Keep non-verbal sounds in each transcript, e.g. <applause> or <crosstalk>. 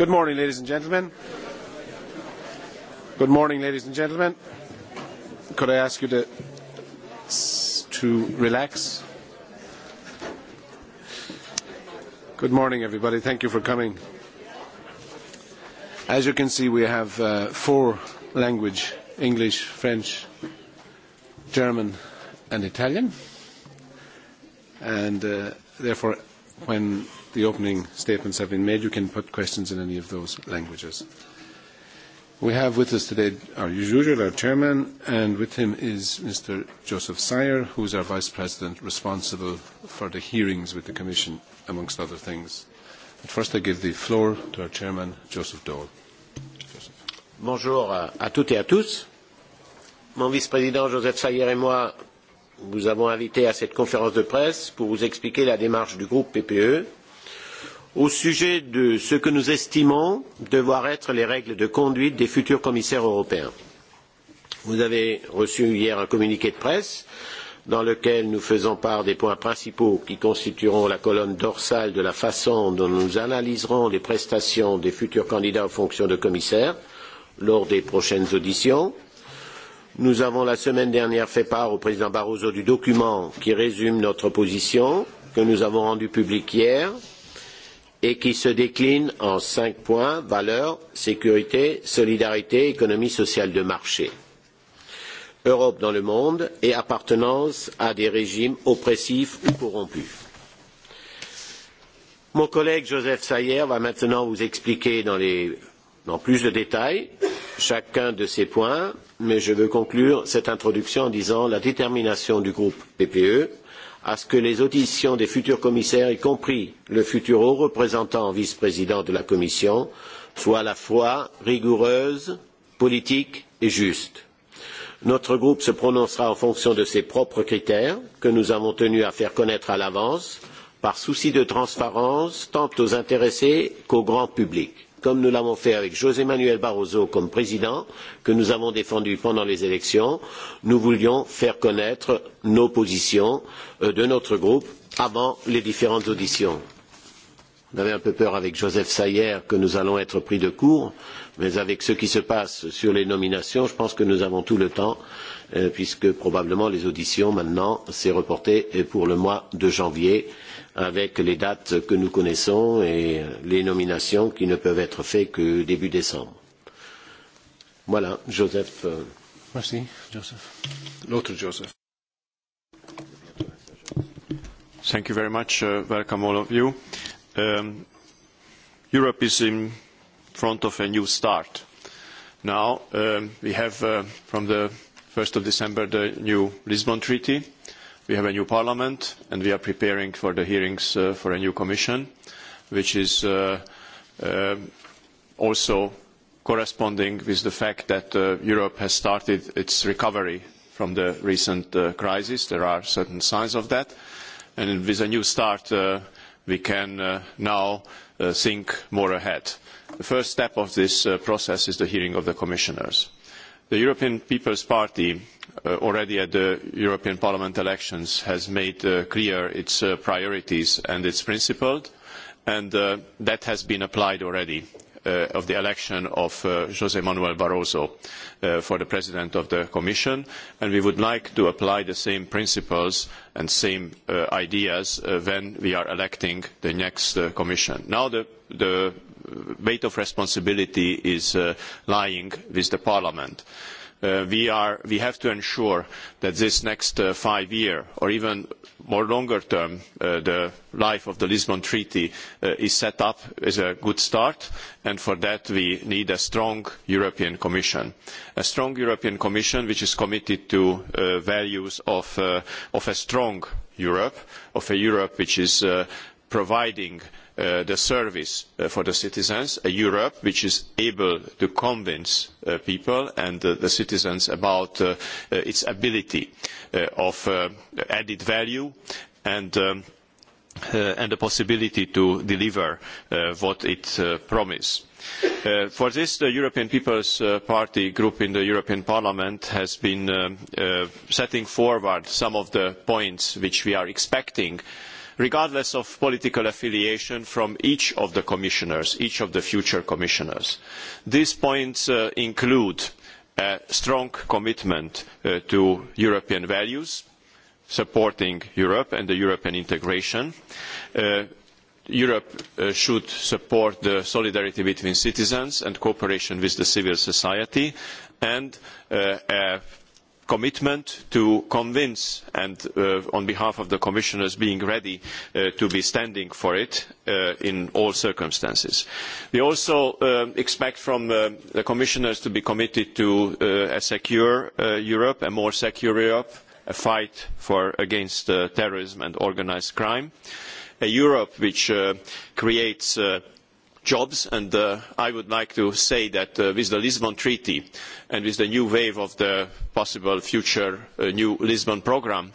Good morning, ladies and gentlemen. Good morning, ladies and gentlemen. Could I ask you to, to relax? Good morning, everybody. Thank you for coming. As you can see, we have uh, four language, English, French, German, and Italian. And uh, therefore, when the opening statements have been made, you can put questions in any of those languages. We have with us today, our usual, our chairman, and with him is Mr. Joseph Sayer who is our vice president responsible for the hearings with the Commission, amongst other things. But first, I give the floor to our chairman, Joseph Dole. Joseph. Bonjour à toutes et à tous. Mon vice-président Joseph Sayer et moi vous avons invité à cette conférence de presse pour vous expliquer la démarche du groupe PPE au sujet de ce que nous estimons devoir être les règles de conduite des futurs commissaires européens. Vous avez reçu hier un communiqué de presse dans lequel nous faisons part des points principaux qui constitueront la colonne dorsale de la façon dont nous analyserons les prestations des futurs candidats aux fonctions de commissaire lors des prochaines auditions. Nous avons la semaine dernière fait part au président Barroso du document qui résume notre position, que nous avons rendu public hier et qui se décline en cinq points valeurs, sécurité, solidarité, économie sociale de marché, Europe dans le monde et appartenance à des régimes oppressifs ou corrompus. Mon collègue Joseph Sayer va maintenant vous expliquer dans, les, dans plus de détails chacun de ces points, mais je veux conclure cette introduction en disant la détermination du groupe PPE à ce que les auditions des futurs commissaires, y compris le futur haut représentant vice-président de la Commission, soient à la fois rigoureuses, politiques et justes. Notre groupe se prononcera en fonction de ses propres critères, que nous avons tenu à faire connaître à l'avance, par souci de transparence tant aux intéressés qu'au grand public comme nous l'avons fait avec josé manuel barroso comme président que nous avons défendu pendant les élections nous voulions faire connaître nos positions euh, de notre groupe avant les différentes auditions. On avait un peu peur avec Joseph Sayer que nous allons être pris de court, mais avec ce qui se passe sur les nominations, je pense que nous avons tout le temps, euh, puisque probablement les auditions maintenant s'est reporté euh, pour le mois de janvier, avec les dates que nous connaissons et euh, les nominations qui ne peuvent être faites que début décembre. Voilà, Joseph. Euh. Merci, Joseph. L'autre Joseph. Thank you very much. Uh, welcome all of you um, Europe is in front of a new start. Now um, we have uh, from the 1st of December the new Lisbon Treaty. We have a new parliament and we are preparing for the hearings uh, for a new commission which is uh, um, also corresponding with the fact that uh, Europe has started its recovery from the recent uh, crisis. There are certain signs of that. And with a new start, uh, we can uh, now uh, think more ahead. The first step of this uh, process is the hearing of the commissioners. The European People's Party uh, already at the European Parliament elections has made uh, clear its uh, priorities and its principles, and that has been applied already Uh, of the election of uh, Manuel Barroso uh, for the President of the Commission, and we would like to apply the same principles and same uh, ideas uh, when we are electing the next uh, Commission. Now the, the weight of responsibility is lying with Parliament. Uh, Uh, we, have to ensure that this next uh, five year or even more longer term uh, the life of the lisbon treaty is set up as a good start and for that we need a strong european commission a strong european commission which is committed to the values of a strong europe of a europe which is providing Uh, the service uh, for the citizens, a uh, Europe which is able to convince uh, people and the citizens about its ability of added value and, um, and the possibility to deliver what it promises. Uh, for this the european people's uh, party group in the european parliament has been uh, setting forward some of the points which we are expecting regardless of political affiliation from each of the commissioners, each of the future commissioners. These points uh, include a strong commitment uh, to European values, supporting Europe and the European integration. Uh, Europe uh, should support the solidarity between citizens and cooperation with civil society and uh, a commitment to convince and uh, on behalf of the commissioners being ready uh, to be standing for it uh, in all circumstances. We also um, expect from uh, the commissioners to be committed to uh, a secure uh, Europe, a more secure Europe, a fight for, against terrorism and organised crime, a Europe which creates jobs and uh, I would like to say that uh, with the Lisbon Treaty and with the new wave of the possible future uh, new Lisbon programme,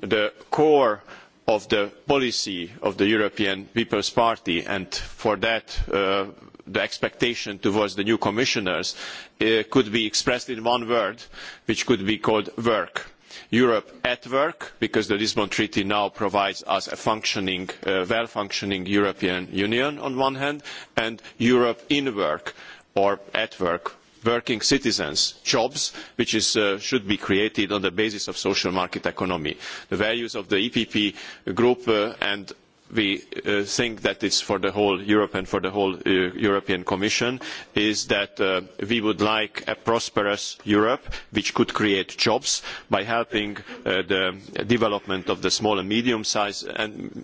the core of the policy of the European People's Party and for that uh, the expectation towards the new commissioners uh, could be expressed in one word which could be called work Europe at work, because the Lisbon Treaty now provides us a functioning, uh, well-functioning European Union on one hand, and Europe in work or at work, working citizens, jobs, which is, uh, should be created on the basis of social market economy. The values of the EPP group uh, and we uh, think that is for the whole Europe and for the whole uh, European Commission is that uh, we would like a prosperous Europe which could create jobs by helping uh, the development of the small and medium-sized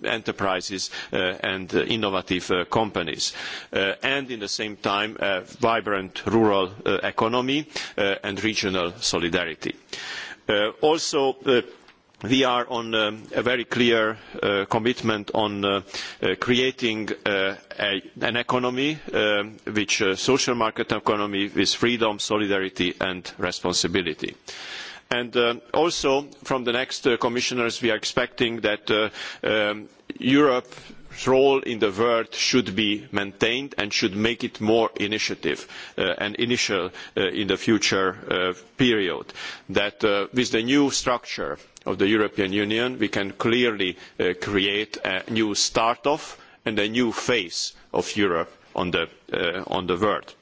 enterprises uh, and uh, innovative companies. and at the same time, a vibrant rural economy and regional solidarity. also, we are on um, a very clear uh, commitment on uh, uh, creating uh, a, an economy um, which is uh, a social market economy with freedom solidarity and responsibility and um, also from the next uh, commissioners we are expecting that um, europe role in the world should be maintained and should make it more initiative uh, and initial uh, in the future uh, period. That uh, with the new structure of the European Union, we can clearly uh, create a new start-off and a new face of Europe on the, on the world.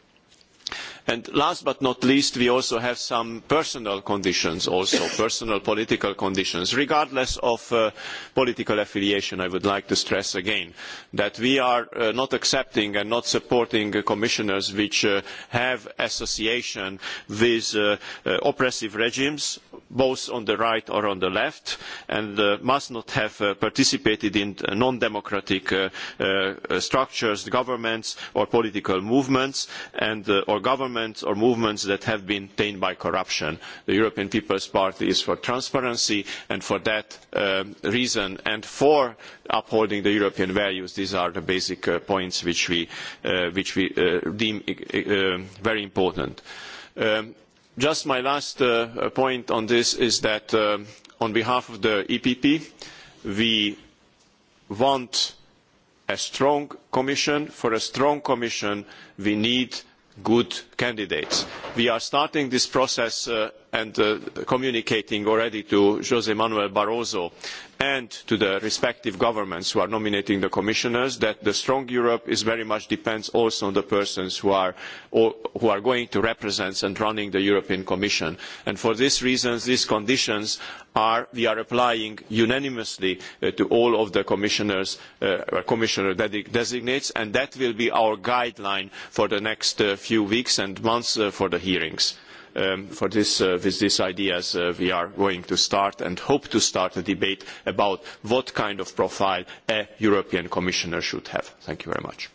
And last but not least, we also have some personal conditions also, <coughs> personal political conditions. Regardless of uh, political affiliation, I would like to stress again that we are uh, not accepting and not supporting uh, commissioners which uh, have association with uh, uh, oppressive regimes, both on the right or on the left, and must not have participated in non-democratic structures, governments or political movements and, or governments governments or movements that have been tainted by corruption. The European People's Party is for transparency, and for that um, reason and for upholding the European values, these are the basic uh, points which we, uh, which we uh, deem uh, um, very important. Um, just my last uh, point on this is that um, on behalf of the EPP, we want a strong commission. For a strong commission, we need good candidates. We are starting this process uh, and uh, communicating already to José Manuel Barroso and to the respective governments who are nominating the commissioners that the strong Europe very much depends also on the persons who are, who are, going to represent and running the European Commission. And for these reasons, these conditions are, we are applying unanimously uh, to all of the commissioners, uh, commissioner designates, and that will be our guideline for the next uh, few weeks and months uh, for the hearings. Um, for this, uh, with these ideas, uh, we are going to start and hope to start a debate about what kind of profile a European Commissioner should have. Thank you very much.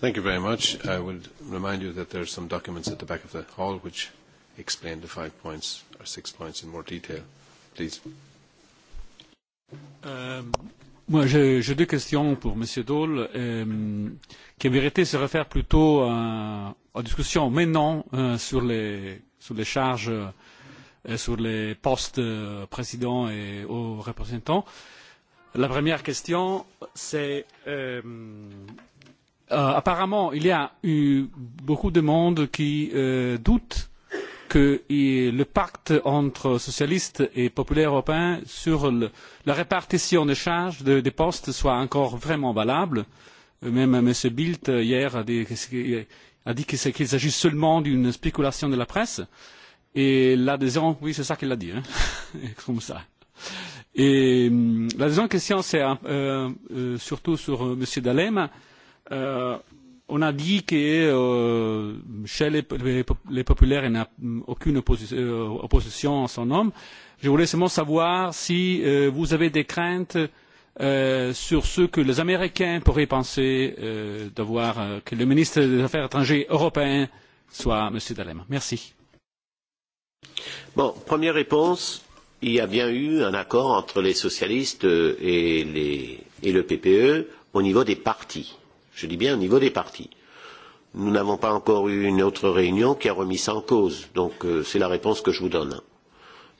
Thank you very much. I would remind you that there are some documents at the back of the hall which explain the five points or six points in more detail. Please. Um, Moi, j'ai deux questions pour M. Daul, euh, qui euh, en vérité se réfèrent plutôt à, à discussion maintenant euh, sur, les, sur les charges, et euh, sur les postes euh, président et aux représentants. La première question, c'est euh, euh, apparemment, il y a eu beaucoup de monde qui euh, doutent que le pacte entre socialistes et populaires européens sur la répartition des charges des postes soit encore vraiment valable. Euh, même M. Bildt hier a dit, qu'il s'agit seulement d'une spéculation de la presse. Et l'adhésion, oui, c'est ça qu'il a dit, hein, <laughs> comme ça. Et la deuxième question, c'est euh, euh, surtout sur M. Dalema. Euh, on a dit que euh, chez les, les, les populaires, il n'y a aucune opposition, euh, opposition à son nom. Je voulais seulement savoir si euh, vous avez des craintes euh, sur ce que les Américains pourraient penser euh, d'avoir euh, que le ministre des Affaires étrangères européen soit M. Dalema. Merci. Bon, première réponse. Il y a bien eu un accord entre les socialistes euh, et, les, et le PPE au niveau des partis je dis bien au niveau des partis. Nous n'avons pas encore eu une autre réunion qui a remis ça en cause. Donc euh, c'est la réponse que je vous donne.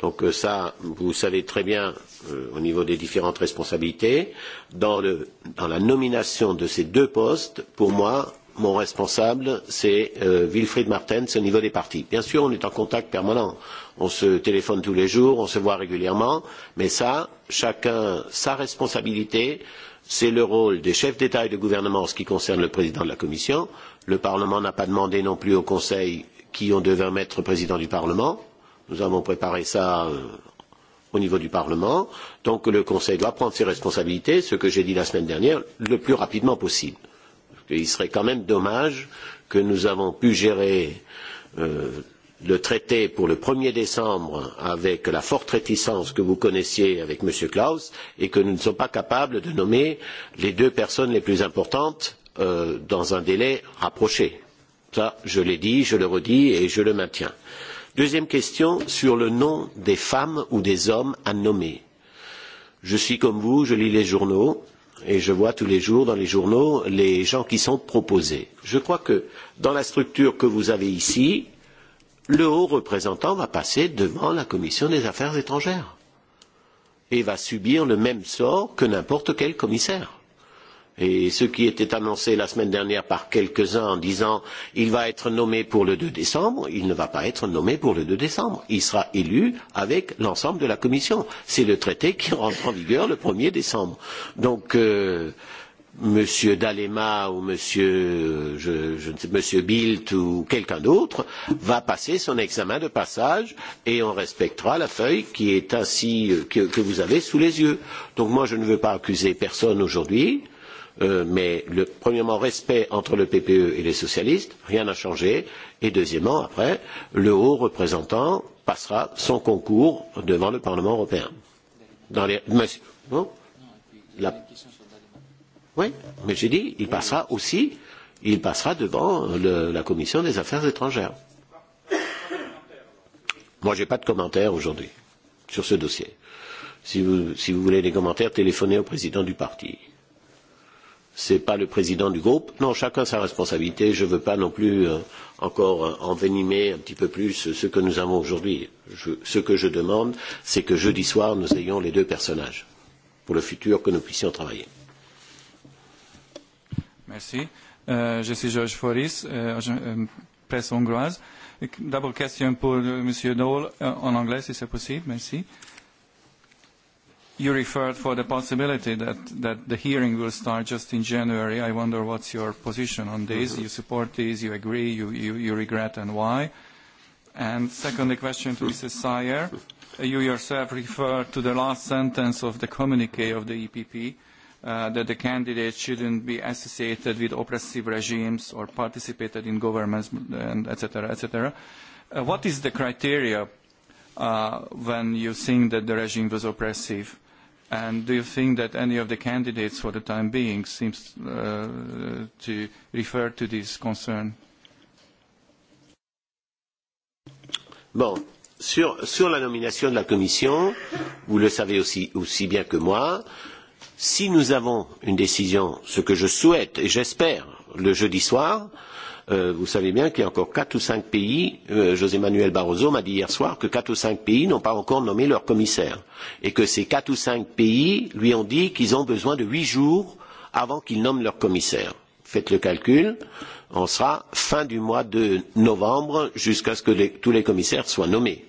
Donc euh, ça, vous savez très bien euh, au niveau des différentes responsabilités. Dans, le, dans la nomination de ces deux postes, pour moi, mon responsable, c'est euh, Wilfried Martens au niveau des partis. Bien sûr, on est en contact permanent. On se téléphone tous les jours, on se voit régulièrement, mais ça, chacun sa responsabilité. C'est le rôle des chefs d'État et de gouvernement en ce qui concerne le président de la Commission. Le Parlement n'a pas demandé non plus au Conseil qui on devait mettre président du Parlement. Nous avons préparé cela euh, au niveau du Parlement. Donc le Conseil doit prendre ses responsabilités, ce que j'ai dit la semaine dernière, le plus rapidement possible. Il serait quand même dommage que nous avons pu gérer euh, le traité pour le 1er décembre avec la forte réticence que vous connaissiez avec M. Klaus et que nous ne sommes pas capables de nommer les deux personnes les plus importantes euh, dans un délai rapproché. Ça, je l'ai dit, je le redis et je le maintiens. Deuxième question sur le nom des femmes ou des hommes à nommer. Je suis comme vous, je lis les journaux, et je vois tous les jours dans les journaux les gens qui sont proposés. Je crois que dans la structure que vous avez ici, le haut représentant va passer devant la commission des affaires étrangères et va subir le même sort que n'importe quel commissaire et ce qui était annoncé la semaine dernière par quelques-uns en disant il va être nommé pour le deux décembre, il ne va pas être nommé pour le deux décembre. Il sera élu avec l'ensemble de la commission. C'est le traité qui rentre en vigueur le 1er décembre. Donc, euh, Monsieur Dalema ou Monsieur, je, je ne sais, Monsieur Bilt ou quelqu'un d'autre va passer son examen de passage et on respectera la feuille qui est ainsi euh, que, que vous avez sous les yeux. Donc moi je ne veux pas accuser personne aujourd'hui. Euh, Euh, mais le, premièrement, respect entre le PPE et les socialistes, rien n'a changé, et deuxièmement, après, le haut représentant passera son concours devant le Parlement européen. Dans les, monsieur, bon, la, oui, mais j'ai dit, il passera aussi, il passera devant le, la Commission des affaires étrangères. Moi, je n'ai pas de commentaires aujourd'hui sur ce dossier. Si vous, si vous voulez des commentaires, téléphonez au président du parti ce n'est pas le président du groupe. Non, chacun sa responsabilité. Je ne veux pas non plus euh, encore euh, envenimer un petit peu plus ce que nous avons aujourd'hui. Ce que je demande, c'est que jeudi soir, nous ayons les deux personnages pour le futur que nous puissions travailler. Merci. Euh, je suis Georges Foris, euh, euh, presse hongroise. D'abord, question pour M. Dole en anglais, si c'est possible. Merci. Euh, you referred for the possibility that, that the hearing will start just in January. I wonder what's your position on this. Mm -hmm. You support this, you agree, you, you, you regret, and why? And secondly, question to Mrs. Sayer. You yourself referred to the last sentence of the communique of the EPP, uh, that the candidates shouldn't be associated with oppressive regimes or participated in governments, and et cetera, et cetera. Uh, what is the criteria uh, when you think that the regime was oppressive? And do you think that any of the candidates for the time being seems uh, to refer to this concern? Bon. Sur, sur la nomination de la Commission, vous le savez aussi, aussi bien que moi, si nous avons une décision, ce que je souhaite et j'espère le jeudi soir, euh, Euh, vous savez bien qu'il y a encore quatre ou cinq pays, euh, José Manuel Barroso m'a dit hier soir que quatre ou cinq pays n'ont pas encore nommé leur commissaire et que ces quatre ou cinq pays lui ont dit qu'ils ont besoin de huit jours avant qu'ils nomment leur commissaire. Faites le calcul, on sera fin du mois de novembre jusqu'à ce que les, tous les commissaires soient nommés,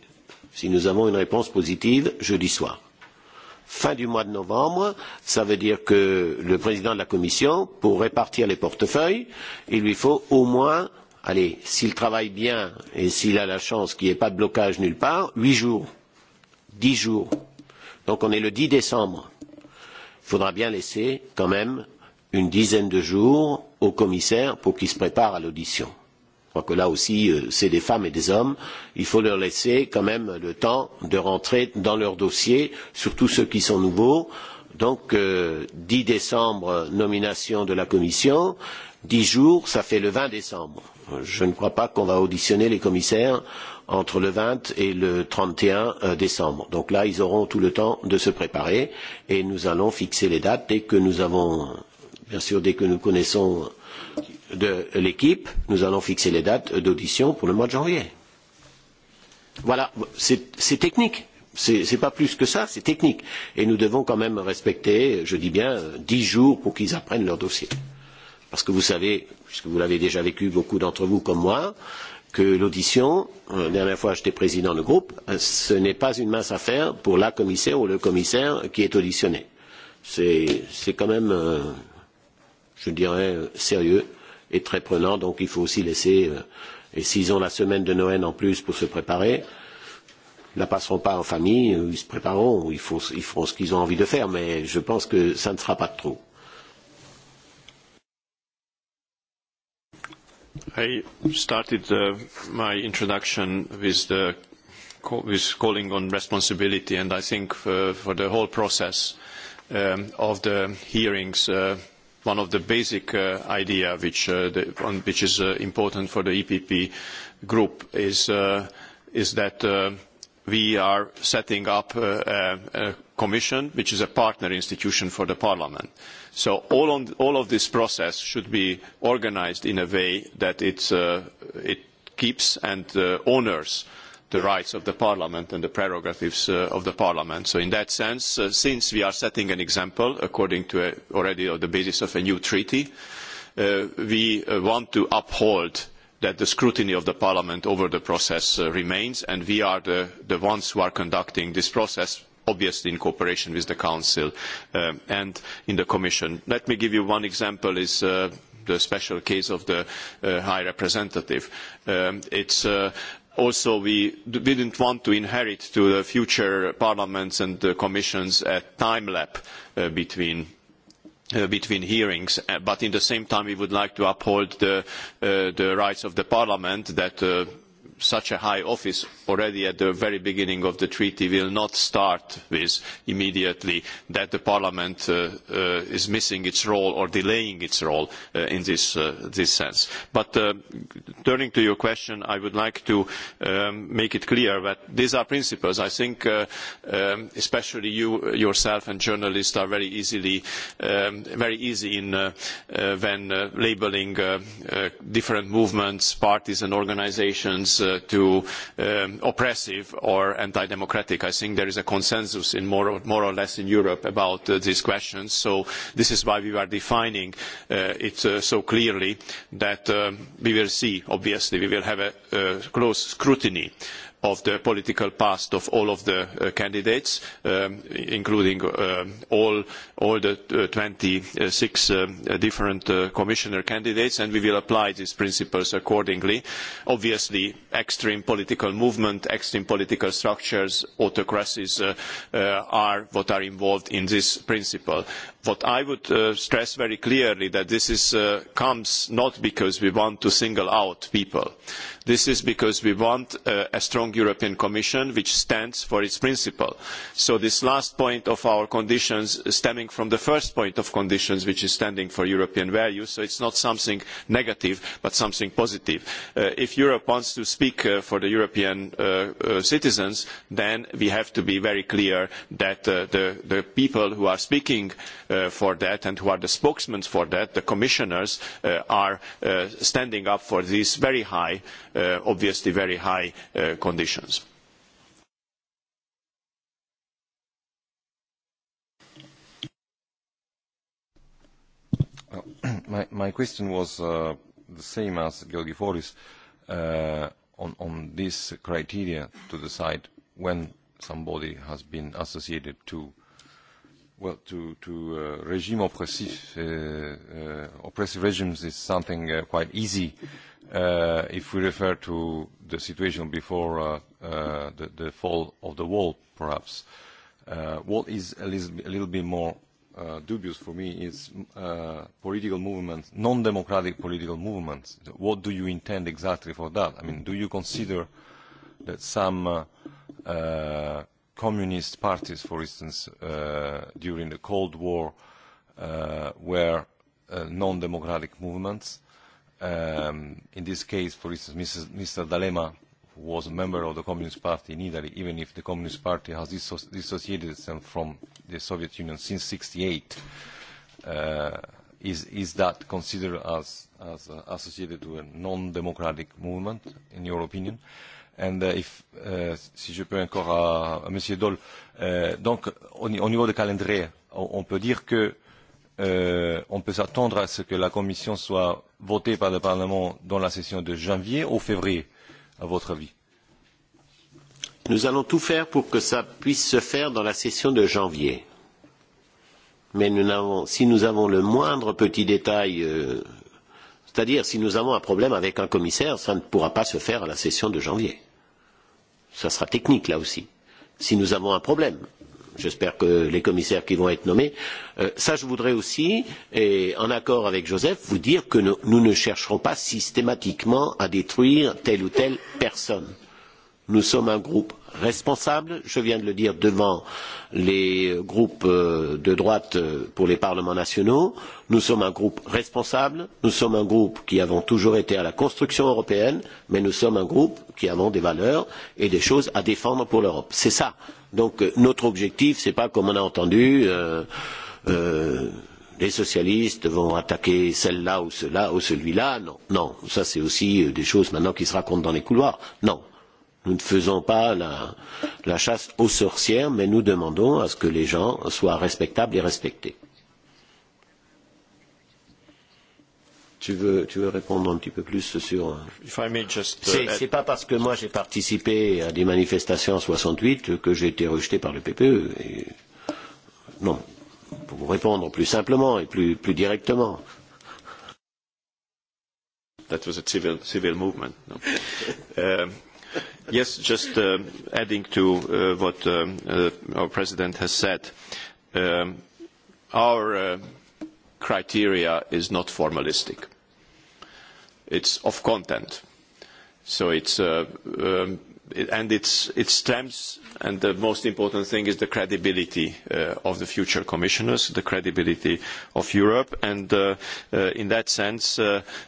si nous avons une réponse positive jeudi soir fin du mois de novembre. Cela veut dire que le président de la Commission, pour répartir les portefeuilles, il lui faut au moins, allez, s'il travaille bien et s'il a la chance qu'il n'y ait pas de blocage nulle part, huit jours, dix jours. Donc on est le dix décembre. Il faudra bien laisser quand même une dizaine de jours au commissaire pour qu'il se prépare à l'audition crois que là aussi, euh, c'est des femmes et des hommes. Il faut leur laisser quand même le temps de rentrer dans leur dossier, surtout ceux qui sont nouveaux. Donc, euh, dix décembre, nomination de la commission. Dix jours, ça fait le vingt décembre. Je ne crois pas qu'on va auditionner les commissaires entre le vingt et le trente et un euh, décembre. Donc là, ils auront tout le temps de se préparer et nous allons fixer les dates dès que nous avons, bien sûr, dès que nous connaissons euh, de l'équipe, nous allons fixer les dates d'audition pour le mois de janvier. Voilà, c'est technique. Ce n'est pas plus que ça, c'est technique. Et nous devons quand même respecter, je dis bien, dix jours pour qu'ils apprennent leur dossier. Parce que vous savez, puisque vous l'avez déjà vécu, beaucoup d'entre vous comme moi, que l'audition, euh, la dernière fois j'étais président de groupe, euh, ce n'est pas une mince affaire pour la commissaire ou le commissaire qui est auditionné. C'est quand même, euh, je dirais, sérieux est très prenant, donc il faut aussi laisser. Euh, et s'ils ont la semaine de Noël en plus pour se préparer, ne la passeront pas en famille, euh, ils se prépareront, ils, font, ils feront ce qu'ils ont envie de faire, mais je pense que ça ne sera pas de trop. I started uh, my introduction with, the, with calling on responsibility, and I think for, uh, for the whole process um, of the hearings. Uh, one of the basic uh, ideas which, uh, the, which is uh, important for the EPP group is, uh, is that uh, we are setting up uh, a, a, commission, which is a partner institution for the parliament. So all, on, all of this process should be organised in a way that uh, it keeps and uh, honours uh, the rights of the parliament and the prerogatives uh, of the parliament. So in that sense, uh, since we are setting an example according to a, uh, already on the basis of a new treaty, uh, we uh, want to uphold that the scrutiny of the parliament over the process uh, remains and we are the, the, ones who are conducting this process obviously in cooperation with the Council um, and in the Commission. Let me give you one example is the special case of the High Representative. Um, it's also we did not want to inherit to the future parliaments and the uh, commissions a time lap uh, between uh, between hearings, uh, but at the same time we would like to uphold the, uh, the rights of the parliament that uh, such a high office already at the very beginning of the treaty will not start with immediately that the parliament uh, uh, is missing its role or delaying its role uh, in this, uh, this, sense. But uh, turning to your question, I would like to um, make it clear that these are principles. I think uh, um, especially you yourself and journalists are very easily um, very easy in when labelling different movements, parties and organisations uh, to um, oppressive or anti-democratic. I think there is a consensus in more or, more or less in Europe about uh, these questions. So this is why we are defining uh, it uh, so clearly that um, we will see, obviously, we will have a uh, close scrutiny uh, of the political past of all of the uh, candidates, um, including uh, all, all the uh, twenty six uh, different uh, commissioner candidates, and we will apply these principles accordingly. Obviously, extreme political movement, extreme political structures, autocracies uh, are what are involved in this principle what I would uh, stress very clearly that this is, uh, comes not because we want to single out people. This is because we want uh, a strong European Commission which stands for its principle. So this last point of our conditions stemming from the first point of conditions which is standing for European values, so it is not something negative but something positive. Uh, if Europe wants to speak uh, for the European uh, citizens, then we have to be very clear that the, the people who are speaking uh, for that and who are the spokesmen for that, the commissioners, uh, are uh, standing up for these very high, uh, obviously very high conditions. <clears throat> My, my question was uh, the same as Georgiforis uh, on, on this criteria to decide when somebody has been associated to uh, Well, to, to uh, regime oppressive, uh, uh, oppressive regimes is something uh, quite easy. Uh, if we refer to the situation before uh, uh, the, the fall of the wall, perhaps, uh, what is a little, a little bit more uh, dubious for me is uh, political movements, non-democratic political movements. What do you intend exactly for that? I mean, do you consider that some uh, uh, communist parties, for instance, uh, during the Cold War, uh, were uh, non-democratic movements. Um, in this case, for instance, Mrs., Mr. D'Alema, who was a member of the Communist Party in Italy, even if the Communist Party has disso dissociated itself from the Soviet Union since 68, uh, is, is that considered as as uh, associated to a non-democratic movement, in your opinion. And uh, if, uh, si je peux encore à, à Monsieur Dole, euh, donc au, au niveau de calendrier, on, on peut dire que euh, on peut s'attendre à ce que la Commission soit votée par le Parlement dans la session de janvier ou février, à votre avis Nous allons tout faire pour que ça puisse se faire dans la session de janvier. Mais nous avons, si nous avons le moindre petit détail euh, C'est-à-dire, si nous avons un problème avec un commissaire, cela ne pourra pas se faire à la session de janvier. Ce sera technique, là aussi. Si nous avons un problème, j'espère que les commissaires qui vont être nommés. Euh, ça, je voudrais aussi, et en accord avec Joseph, vous dire que nous, nous ne chercherons pas systématiquement à détruire telle ou telle personne. Nous sommes un groupe responsable, je viens de le dire devant les groupes euh, de droite euh, pour les parlements nationaux. Nous sommes un groupe responsable, nous sommes un groupe qui avons toujours été à la construction européenne, mais nous sommes un groupe qui avons des valeurs et des choses à défendre pour l'Europe. C'est ça. Donc euh, notre objectif, ce n'est pas comme on a entendu. Euh, euh, les socialistes vont attaquer celle-là ou cela ou celui-là. Non, non, ça c'est aussi des choses maintenant qui se racontent dans les couloirs. Non, Nous ne faisons pas la, la chasse aux sorcières, mais nous demandons à ce que les gens soient respectables et respectés. Tu veux, tu veux répondre un petit peu plus sur. Euh, uh, ce C'est pas parce que moi j'ai participé à des manifestations en 68 que j'ai été rejeté par le PPE. Et... Non. Pour vous répondre plus simplement et plus, plus directement. That was a civil, civil movement. No? <laughs> Um, Yes, just uh, adding to uh, what um, uh, our president has said. Um, our uh, criteria is not formalistic. It's of content. So it's, uh, um, it, and it's, it stems, and the most important thing is the credibility uh, of the future commissioners, the credibility of Europe. And in that sense,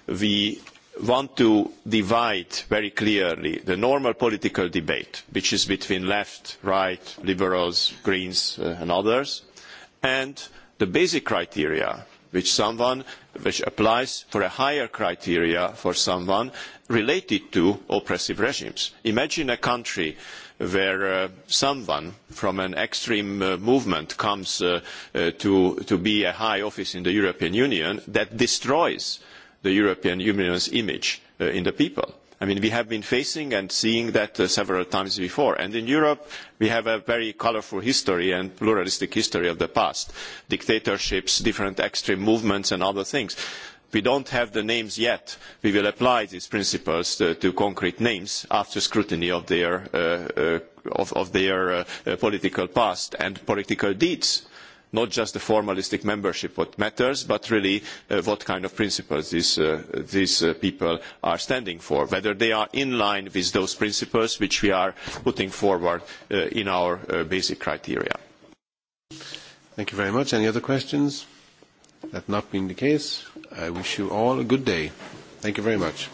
we want to divide very clearly the normal political debate, which is between left, right, liberals, greens, uh, and others, and the basic criteria which someone which applies for a higher criteria for someone related to oppressive regimes. Imagine a country where uh, someone from an extreme uh, movement comes uh, uh, to, to be a high office in the European Union that destroys the European Union's image uh, in the people. I mean, we have been facing and seeing that uh, several times before. And in Europe, we have a very colourful history and pluralistic history of the past. Dictatorships, different extreme movements and other things. We do not have the names yet. We will apply these principles to, uh, to concrete names after scrutiny of their, uh, uh of, of their uh, political past and political deeds. Uh, not just the formalistic membership what matters, but really uh, what kind of principles these, uh, these uh, people are standing for, whether they are in line with those principles which we are putting forward uh, in our uh, basic criteria. Thank you very much. Any other questions? That not being the case, I wish you all a good day. Thank you very much.